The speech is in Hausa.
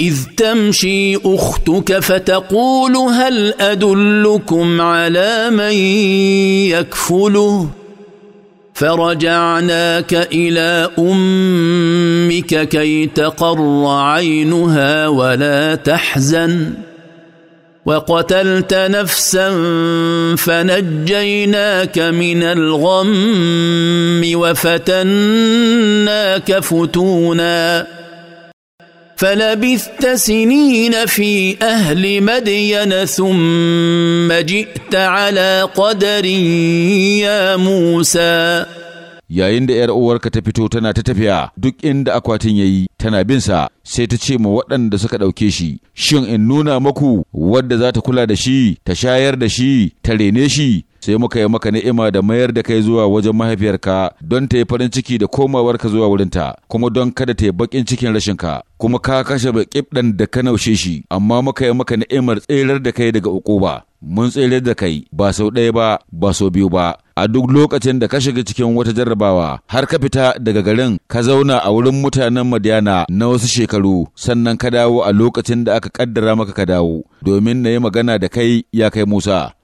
اذ تمشي اختك فتقول هل ادلكم على من يكفله فرجعناك الى امك كي تقر عينها ولا تحزن وقتلت نفسا فنجيناك من الغم وفتناك فتونا فلبثت سنين في اهل مدين ثم جئت على قدر يا موسى yayin da 'yar uwarka ta fito tana ta tafiya duk inda akwatin yayi tana bin sa sai ta ce ma waɗanda suka ɗauke shi shin in nuna maku wadda za ta kula da shi ta shayar da shi ta rene shi sai muka yi maka ni'ima da mayar da kai zuwa wajen mahaifiyarka don ta yi farin ciki da komawarka zuwa wurinta kuma don kada ta yi bakin cikin ka kuma ka kashe baƙibɗan da ka naushe shi amma muka yi maka ni'imar tserar da kai daga ukuba mun tserar da kai ba sau ɗaya ba ba sau biyu ba a duk lokacin da ka shiga cikin wata jarrabawa har ka fita daga garin ka zauna a wurin mutanen Madiyana na wasu shekaru sannan ka dawo a lokacin da aka kaddara maka ka dawo domin na yi magana da kai ya kai Musa